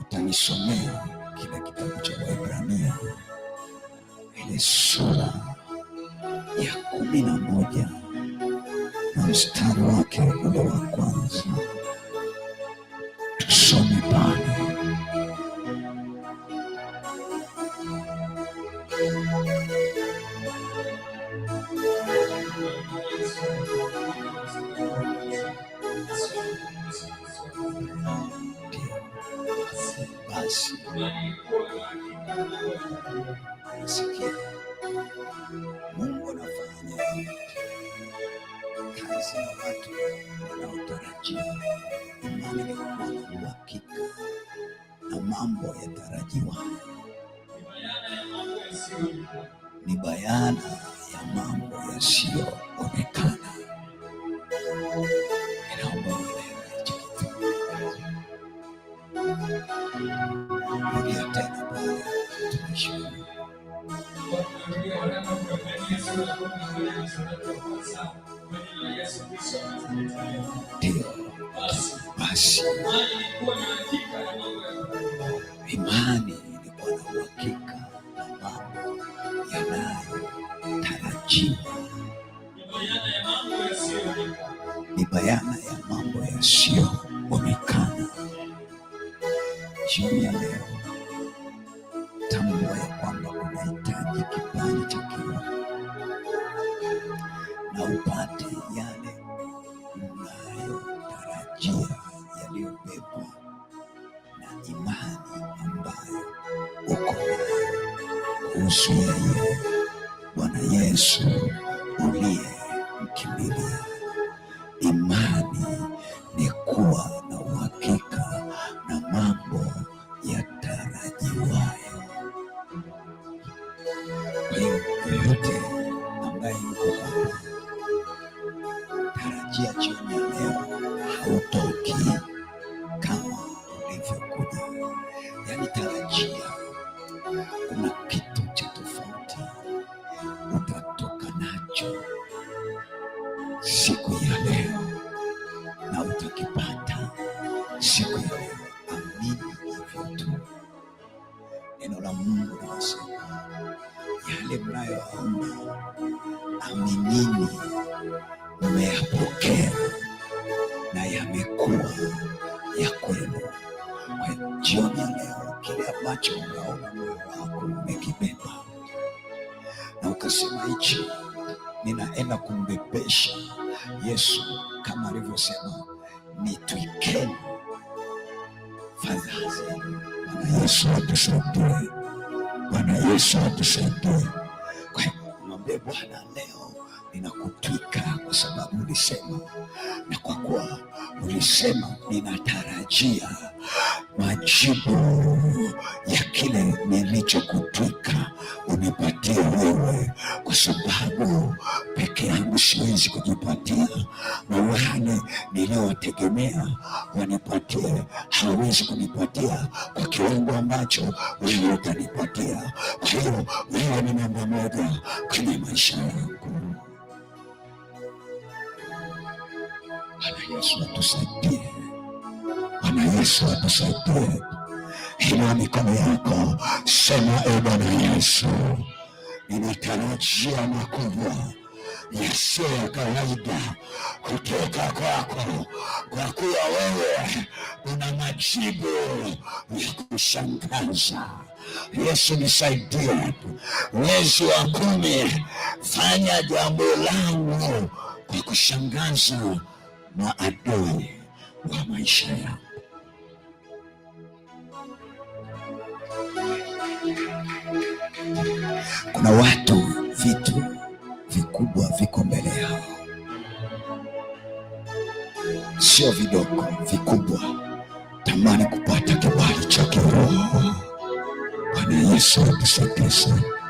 utaisomea kile kitabu cha Waebrania ile sura ya kumi na moja na mstari wake ule wa kwanza tusome pale. Simama nisikie, Mungu anafanya kazi ya watu wanaotarajia imani ni uhakika, na mambo yatarajiwa ni bayana ya mambo yasiyo Rudia tena Bwana, imani ilikuwa na uhakika na mambo yanayotarajiwa, ni bayana ya mambo yasiyoonekana jioni ya leo, tambua ya kwamba unahitaji kipaji cha kiroho na upate yale unayotarajia yaliyobebwa na imani ambayo uko nayo kuhusu yeye Bwana Yesu uliye mkimbili unaingia jioni ya leo hautoki kama ulivyokuja. Yani tarajia kuna kitu cha tofauti utatoka nacho siku ya leo na utakipata siku ya leo. Amini hivyo tu. Neno la Mungu linasema yale mnayoomba aminini umeyapokea na yamekuwa ya kwenu. Kwa jioni ya leo, kile ambacho unaona wako umekibeba na ukasema hichi ninaenda kumbebesha Yesu, kama alivyosema nitwikeni fadhaa. Bwana Yesu atusaidie, Bwana Yesu atusaidie mwambie Bwana, leo ninakutwika kwa sababu ulisema, na kwa kuwa ulisema ninatarajia majibu ya kile nilichokutwika unipatie wewe, kwa sababu peke yangu siwezi kujipatia, na wale niliowategemea wanipatie hawawezi kunipatia kwa kiwango ambacho wewe utanipatia. Kwa hiyo wewe ni namba moja kwenye maisha yangu. Bwana Yesu atusaidie. Bwana Yesu akusaidie. Inua mikono yako, sema e Bwana Yesu, ninatarajia makubwa yasiyo ya kawaida kutoka kwako, kwa kuwa wewe una majibu ya kushangaza. Yesu nisaidie, mwezi wa kumi, fanya jambo langu kwa kushangaza na wa maisha yangu. Kuna watu vitu vikubwa viko mbele yao, sio vidogo, vikubwa. Tamani kupata kibali cha kiroho. Bwana Yesu atusaidie sana.